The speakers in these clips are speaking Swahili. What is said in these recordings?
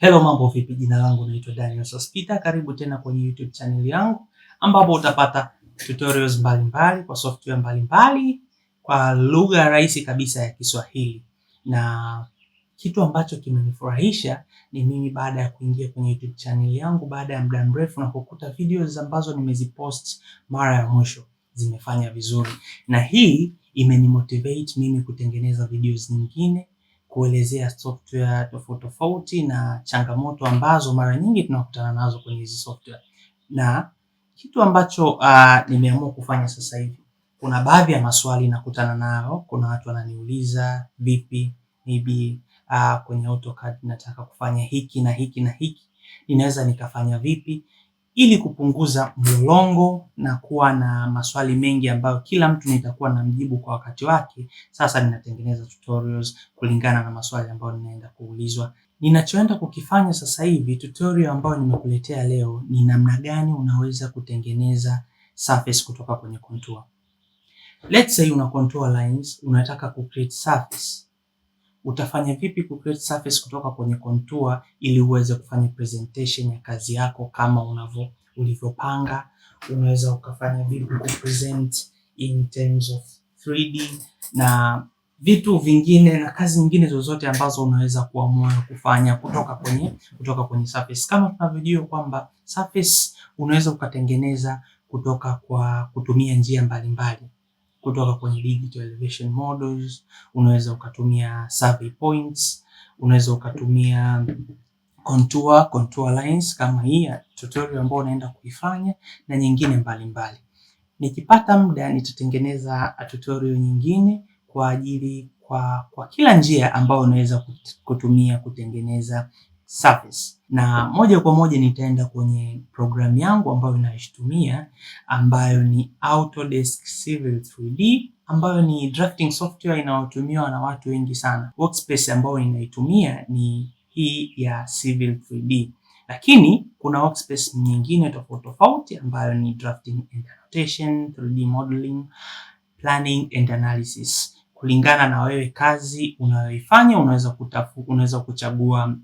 Hello, mambo vipi? Jina langu naitwa Daniel Sospita. Karibu tena kwenye YouTube channel yangu ambapo utapata tutorials mbalimbali mbali, kwa software mbalimbali mbali, kwa lugha rahisi kabisa ya Kiswahili. Na kitu ambacho kimenifurahisha ni mimi baada ya kuingia kwenye YouTube channel yangu baada ya muda mrefu na kukuta videos ambazo nimezipost mara ya mwisho zimefanya vizuri, na hii imenimotivate mimi kutengeneza videos nyingine kuelezea software tofauti tofauti na changamoto ambazo mara nyingi tunakutana nazo kwenye hizi software. Na kitu ambacho uh, nimeamua kufanya sasa hivi, kuna baadhi ya maswali nakutana nayo, kuna watu wananiuliza vipi, maybe uh, kwenye AutoCAD nataka kufanya hiki na hiki na hiki, ninaweza nikafanya vipi? ili kupunguza mlolongo na kuwa na maswali mengi ambayo kila mtu nitakuwa na mjibu kwa wakati wake. Sasa ninatengeneza tutorials kulingana na maswali ambayo ninaenda kuulizwa. Ninachoenda kukifanya sasa hivi, tutorial ambayo nimekuletea leo ni namna gani unaweza kutengeneza surface kutoka kwenye contour. Let's say una contour lines, unataka ku create surface utafanya vipi ku create surface kutoka kwenye contour ili uweze kufanya presentation ya kazi yako kama unavyo ulivyopanga. Unaweza ukafanya vipi ku present in terms of 3D na vitu vingine na kazi nyingine zozote ambazo unaweza kuamua kufanya kutoka kwenye kutoka kwenye surface. Kama tunavyojua kwamba surface unaweza ukatengeneza kutoka kwa kutumia njia mbalimbali mbali kutoka kwenye digital elevation models, unaweza ukatumia survey points, unaweza ukatumia contour, contour lines kama hii ya tutorial ambayo unaenda kuifanya na nyingine mbalimbali mbali. Nikipata muda nitatengeneza tutorial nyingine kwa ajili kwa, kwa kila njia ambayo unaweza kutumia kutengeneza Surface na moja kwa moja nitaenda kwenye programu yangu ambayo naitumia ambayo ni Autodesk Civil 3D ambayo ni drafting software inayotumiwa na watu wengi sana. Workspace ambayo inaitumia ni hii ya Civil 3D, lakini kuna workspace nyingine tofauti tofauti ambayo ni drafting and annotation, 3D modeling, planning and analysis. Kulingana na wewe kazi unayoifanya unaweza unaweza kuchagua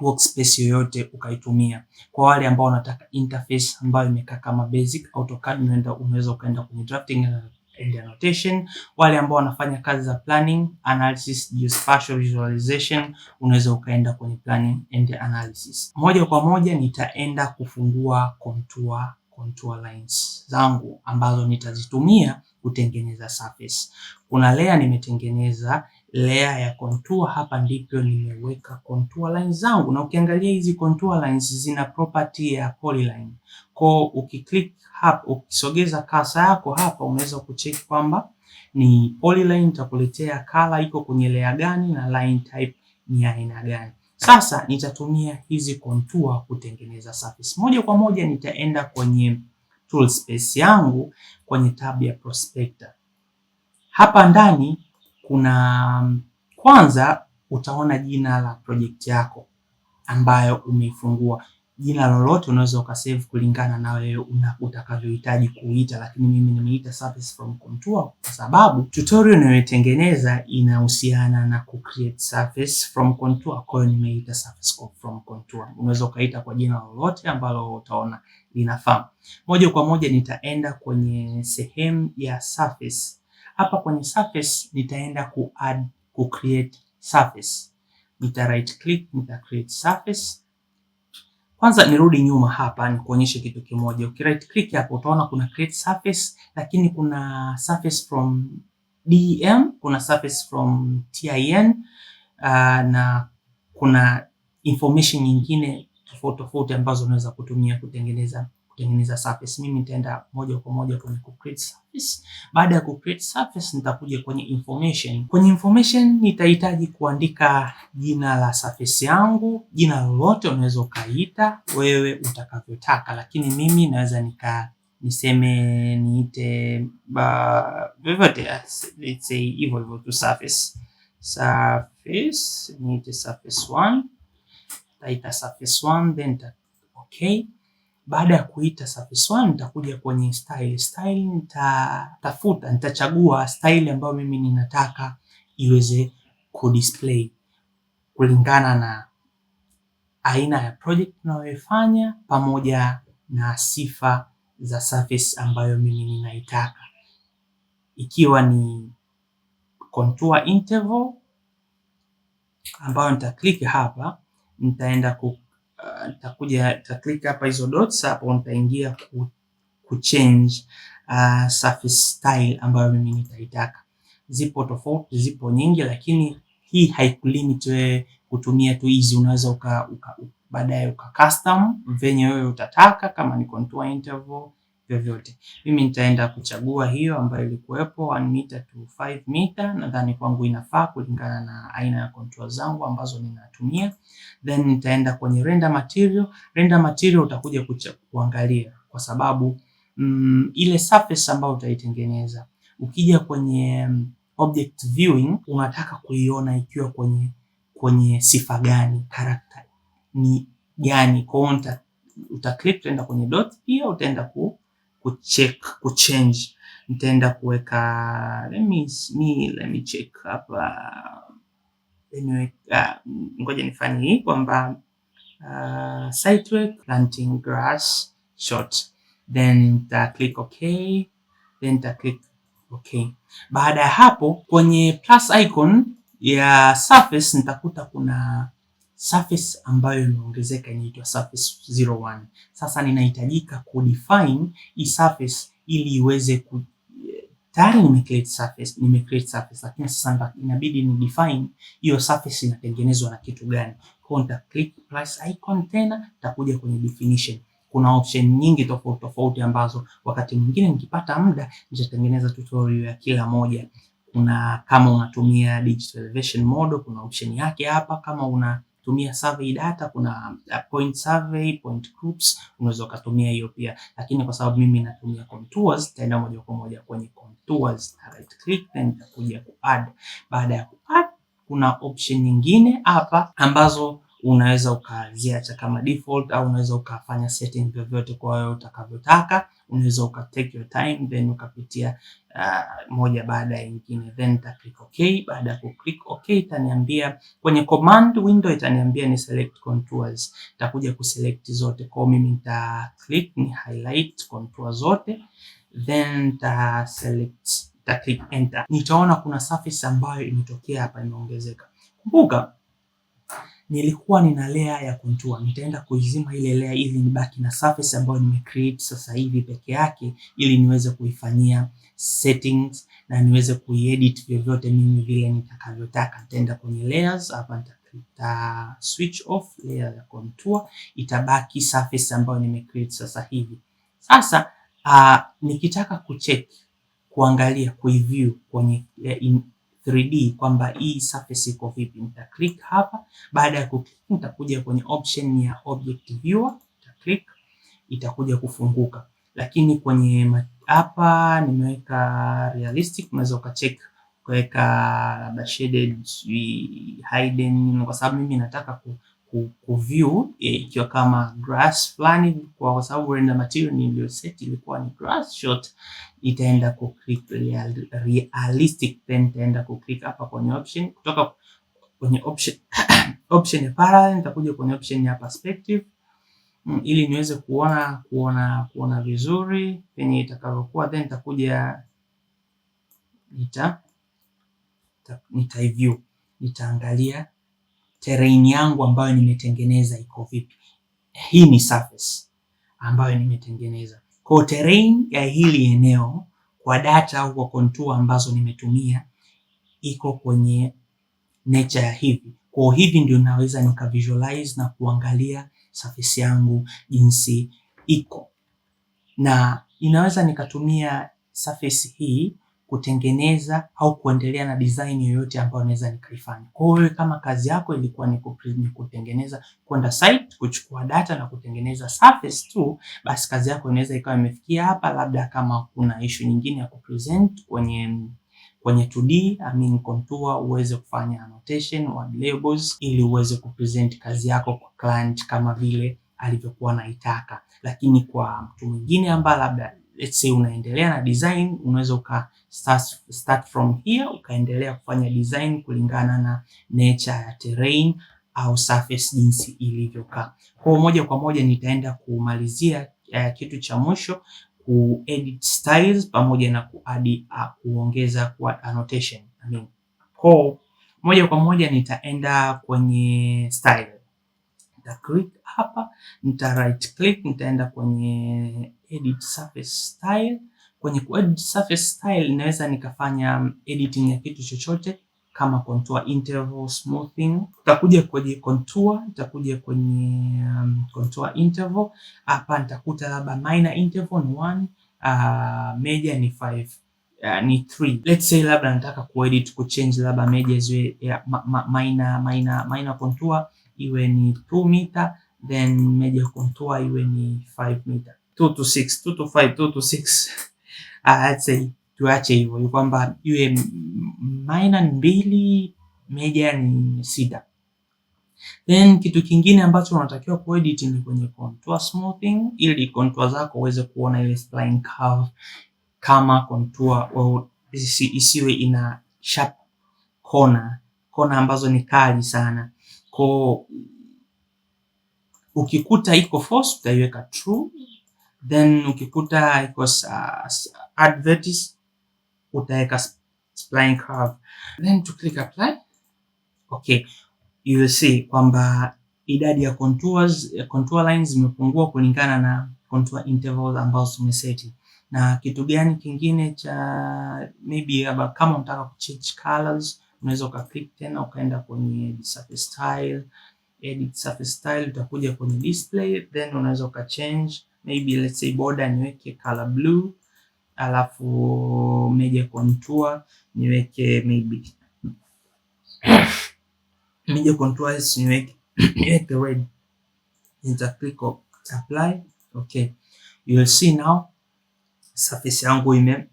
workspace yoyote ukaitumia. Kwa wale ambao wanataka interface ambayo imekaa kama basic AutoCAD, unaenda unaweza ukaenda kwenye drafting and annotation. Wale ambao wanafanya kazi za planning analysis, geospatial visualization, unaweza ukaenda kwenye planning and analysis. Moja kwa moja nitaenda kufungua contour contour lines zangu ambazo nitazitumia kutengeneza surface. Kuna layer nimetengeneza layer ya contour. Hapa ndipo nimeweka contour lines zangu, na ukiangalia hizi contour lines zina property ya polyline. Kwa ukiklik hapa, ukisogeza kasa yako hapa, unaweza kucheck kwamba ni polyline, itakuletea color iko kwenye layer gani na line type ni aina gani. Sasa nitatumia hizi contour kutengeneza surface. Moja kwa moja nitaenda kwenye tool space yangu kwenye tab ya prospector. Hapa ndani kuna kwanza utaona jina la project yako ambayo umeifungua. Jina lolote unaweza ukasave kulingana na wewe utakavyohitaji kuita, lakini mimi nimeita service from Contour kwa sababu tutorial ninayotengeneza inahusiana na ku create service from contour, kwa hiyo nimeita service from Contour. Unaweza ukaita kwa jina lolote ambalo utaona linafaa. Moja kwa moja nitaenda kwenye sehemu ya service. Hapa kwenye surface nitaenda ku add ku create surface. Nita right click, nita create surface. Kwanza nirudi nyuma hapa nikuonyeshe kitu kimoja. Uki right click hapo utaona kuna create surface, lakini kuna surface from DEM, kuna surface from TIN uh, ah, na kuna information nyingine tofauti tofauti ambazo unaweza kutumia kutengeneza kutengeneza surface. Mimi nitaenda moja kwa moja kwenye ku create surface. Baada ya ku create surface, nitakuja kwenye information. Kwenye information nitahitaji kuandika jina la surface yangu, jina lolote unaweza ukaita wewe utakavyotaka, lakini mimi naweza nika niseme niite vyovyote, let's say hivyo hivyo tu surface surface, niite surface 1 taita surface 1 then ta, okay baada ya kuita safi swan, nitakuja kwenye style. Style nitatafuta, nitachagua style ambayo mimi ninataka iweze kudisplay kulingana na aina ya project tunayoifanya pamoja na sifa za surface ambayo mimi ninaitaka, ikiwa ni contour interval ambayo nitaklik hapa, nitaenda ku Ah, nitakuja nita click hapa hizo dots, hapo nitaingia ku, ku change uh, surface style ambayo mimi nitaitaka. Zipo tofauti, zipo nyingi, lakini hii haikulimit wewe eh, kutumia tu hizi, unaweza uka, uka, baadaye uka custom venye wewe utataka, kama ni contour interval vyovyote. Mimi nitaenda kuchagua hiyo ambayo ilikuwepo 1 meter to 5 meter, nadhani kwangu inafaa kulingana na aina ya contour zangu ambazo ninatumia. Then nitaenda kwenye render material. Render material utakuja kuangalia kwa sababu mm, ile surface ambayo utaitengeneza ukija kwenye mm, object viewing unataka kuiona ikiwa kwenye kwenye sifa gani, character ni gani. Kwa hiyo uta click utaenda kwenye dot, pia utaenda ku kucheck kuchange, nitaenda kuweka let me see, let me check hapa, niweka ah, ngoja nifanye hii kwamba uh, ah, sitework planting grass short, then nita click okay, then nita click okay. Baada ya hapo kwenye plus icon ya surface nitakuta kuna surface ambayo imeongezeka inaitwa surface 01. Sasa ninahitajika ku define hii surface ili iweze ku tayari nime create surface, nime create surface, lakini sasa inabidi ni define hiyo surface inatengenezwa na kitu gani. Kwa nita click plus icon tena, takuja kwenye definition. Kuna option nyingi tofauti tofauti ambazo wakati mwingine nikipata muda nitatengeneza tutorial ya kila moja. Kuna kama unatumia digital elevation model, kuna option yake hapa. Kama una tumia survey data. Kuna uh, point survey, point groups, unaweza ukatumia hiyo pia, lakini kwa sababu mimi natumia contours, nitaenda moja kwa moja kwenye contours na right click, then nitakuja ku add. Baada ya ku add, kuna option nyingine hapa ambazo unaweza ukaziacha kama default au unaweza ukafanya setting vyovyote kwa wewe utakavyotaka. Unaweza uka take your time then ukapitia uh, moja baada ya nyingine, then ta click okay. Baada ya ku click okay, itaniambia kwenye command window itaniambia ni select contours, nitakuja ku select zote. Kwa mimi nita click ni highlight contour zote, then ta select, ta click enter. Nitaona kuna surface ambayo imetokea hapa imeongezeka. Kumbuka nilikuwa nina layer ya contour, nitaenda kuizima ile layer ili nibaki na surface ambayo create sasa hivi peke yake, ili niweze kuifanyia settings na niweze kuiedit vyovyote mimi vile nitakavyotaka. Nitaenda kwenye layers hapa, nita switch off layer ya contour, itabaki surface ambayo create sasa hivi. Sasa uh, nikitaka kucheck kuangalia kuiview kwenye eh, in, 3D kwamba hii surface iko vipi. Nita click hapa, baada ya kuklik, nitakuja kwenye option ya object viewer, nita click itakuja kufunguka, lakini kwenye hapa nimeweka realistic, unaweza ukacheck ukaweka labda shaded hidden, kwa sababu mimi nataka ku kuview eh, ikiwa kama grass fulani, kwa sababu render material set ilikuwa ni grass shot, itaenda ku click real, realistic, then itaenda ku click hapa kwenye option, kutoka kwenye option option ya parallel nitakuja kwenye option ya perspective mm, ili niweze kuona kuona kuona vizuri penye itakavyokuwa, then nitakuja nita nita view nitaangalia terrain yangu ambayo nimetengeneza iko vipi. Hii ni surface ambayo nimetengeneza kwa terrain ya hili eneo kwa data au kwa contour ambazo nimetumia iko kwenye nature ya hivi. Kwa hivi ndio naweza nika visualize na kuangalia surface yangu jinsi iko, na inaweza nikatumia surface hii kutengeneza au kuendelea na design yoyote ambayo naweza nikaifanya. Kwa hiyo kama kazi yako ilikuwa ni kutengeneza, kwenda site kuchukua data na kutengeneza surface tu, basi kazi yako inaweza ikawa imefikia hapa, labda kama kuna issue nyingine ya kupresent kwenye kwenye 2D I mean contour, uweze kufanya annotation wa labels ili uweze kupresent kazi yako kwa client kama vile alivyokuwa anaitaka, lakini kwa mtu mwingine ambaye labda let's say unaendelea na design, unaweza uka start, start from here ukaendelea kufanya design kulingana na nature ya terrain au surface jinsi ilivyokaa. Kwa moja kwa moja nitaenda kumalizia uh, kitu cha mwisho ku edit styles pamoja na ku add uh, kuongeza kwa annotation. I mean, kwa moja kwa moja nitaenda kwenye style nita click hapa, nita right click, nitaenda kwenye edit surface style. Kwenye edit surface style naweza nikafanya um, editing ya kitu chochote kama contour, interval, smoothing. Nitakuja kwenye contour, nitakuja kwenye um, contour interval hapa nitakuta labda minor interval ni 1, uh, major ni 5 Uh, ni 3. Let's say labda nataka kuedit ku change labda meja eh, ziwe minor minor minor contour iwe ni 2 meter, then major contour iwe ni 5 meter, 2 to 6, 2 to 5, 2 to 6 Uh, ah, I'd say tuache hivyo ni kwamba iwe minor ni mbili major ni sita. Then kitu kingine ambacho unatakiwa kuedit ni kwenye contour smoothing, ili contour zako uweze kuona ile spline curve kama contour well, isiwe ina sharp corner, kona ambazo ni kali sana. Kwa ukikuta iko false utaiweka true, then ukikuta iko advertise utaweka spline curve, then to click apply. Okay, you will see kwamba idadi ya contours, contour lines zimepungua kulingana na contour intervals ambazo tumeseti. Na kitu gani kingine cha maybe kama unataka kuchange colors unaweza ukaclick tena ukaenda kwenye edit surface style. Edit surface style utakuja kwenye display, then unaweza ukachange maybe let's say border niweke color blue, alafu media contour niweke maybe media contour niweke niweke red, nita click apply. Okay, you will see now surface yangu ime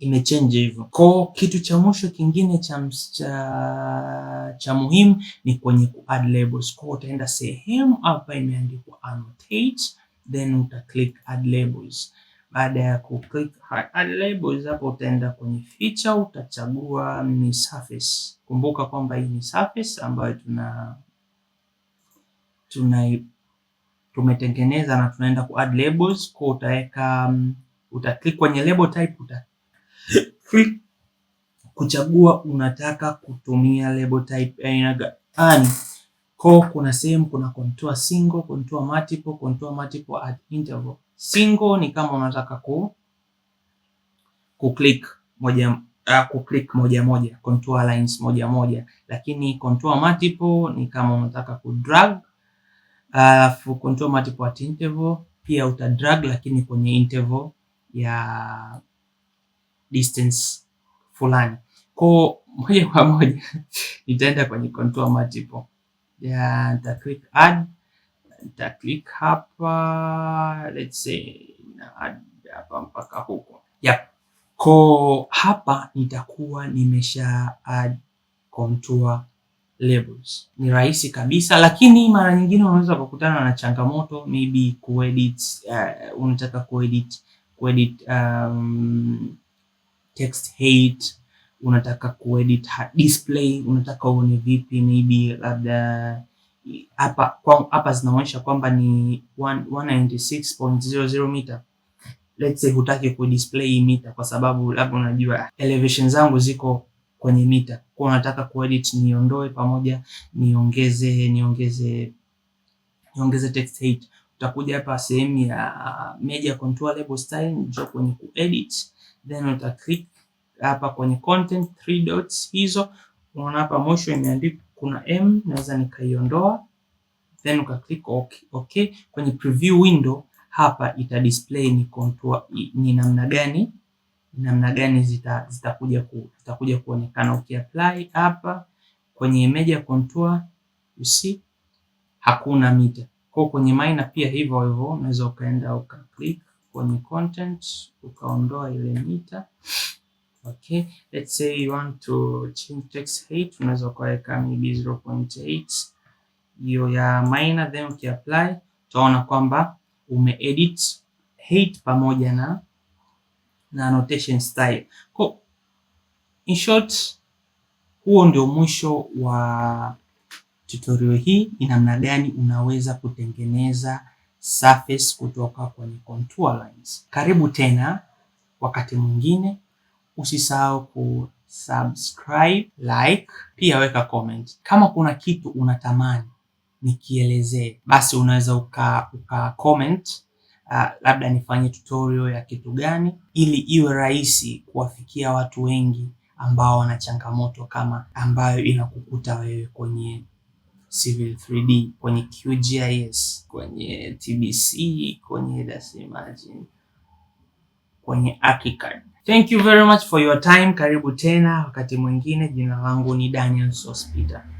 imechange hivyo. Kwa kitu cha mwisho kingine cha, cha, cha muhimu ni kwenye ku add labels. Kwa utaenda sehemu hapa imeandikwa annotate, then uta click add labels. Baada ya ku click add labels hapo utaenda kwenye feature utachagua ni surface. Kumbuka kwamba hii ni surface ambayo tuna tuna tumetengeneza na tunaenda ku add labels. Kwa utaweka um, uta click kwenye label type uta Click kuchagua unataka kutumia label type aina gani. Yaani, Kwa kuna sehemu kuna contour single, contour multiple, contour multiple at interval. Single ni kama unataka ku ku click moja uh, ku click moja moja, contour lines moja moja, lakini contour multiple ni kama unataka ku drag alafu uh, contour multiple at interval pia uta drag, lakini kwenye interval ya distance fulani. Kwa moja kwa moja nitaenda kwenye contour multiple. Ya nita click add, nita click hapa, let's say na add hapa mpaka huko. Yep. Kwa hapa nitakuwa nimesha add contour labels. Ni rahisi kabisa, lakini mara nyingine unaweza kukutana na changamoto maybe kuedit, uh, unataka kuedit kuedit um, text height, unataka kuedit display, unataka uone vipi, maybe labda hapa kwa, hapa zinaonyesha kwamba ni 196.00 meter. Let's say hutaki ku display meter kwa sababu labda unajua elevation zangu ziko kwenye mita, kwa unataka kuedit niondoe pamoja niongeze niongeze niongeze text height. Utakuja hapa sehemu ya media contour label style, njoo kwenye kuedit then uta click hapa kwenye content three dots hizo, unaona hapa mwisho imeandikwa kuna m, naweza nikaiondoa, then uka click okay. Okay, kwenye preview window hapa ita display ni contour ni namna gani namna gani zita zitakuja ku, zitakuja kuonekana. uki apply hapa kwenye image contour you see hakuna mita kwa kwenye minor pia hivyo hivyo, unaweza ukaenda uka click kwenye content ukaondoa ile mita. Okay, let's say you want to change text height, unaweza ukaweka maybe 0.8 hiyo ya minor, then ukiapply utaona kwamba umeedit height pamoja na na annotation style. Kwa in short, huo ndio mwisho wa tutorial hii, ni namna gani unaweza kutengeneza surface kutoka kwenye contour lines. Karibu tena wakati mwingine, usisahau ku subscribe, like, pia weka comment. Kama kuna kitu unatamani nikielezee, basi unaweza uka, uka comment uh, labda nifanye tutorial ya kitu gani ili iwe rahisi kuwafikia watu wengi ambao wana changamoto kama ambayo inakukuta wewe kwenye Civil 3D kwenye QGIS, kwenye TBC, kwenye Data Imagine, kwenye ArchiCAD. Thank you very much for your time. Karibu tena wakati mwingine. Jina langu ni Daniel Sospita.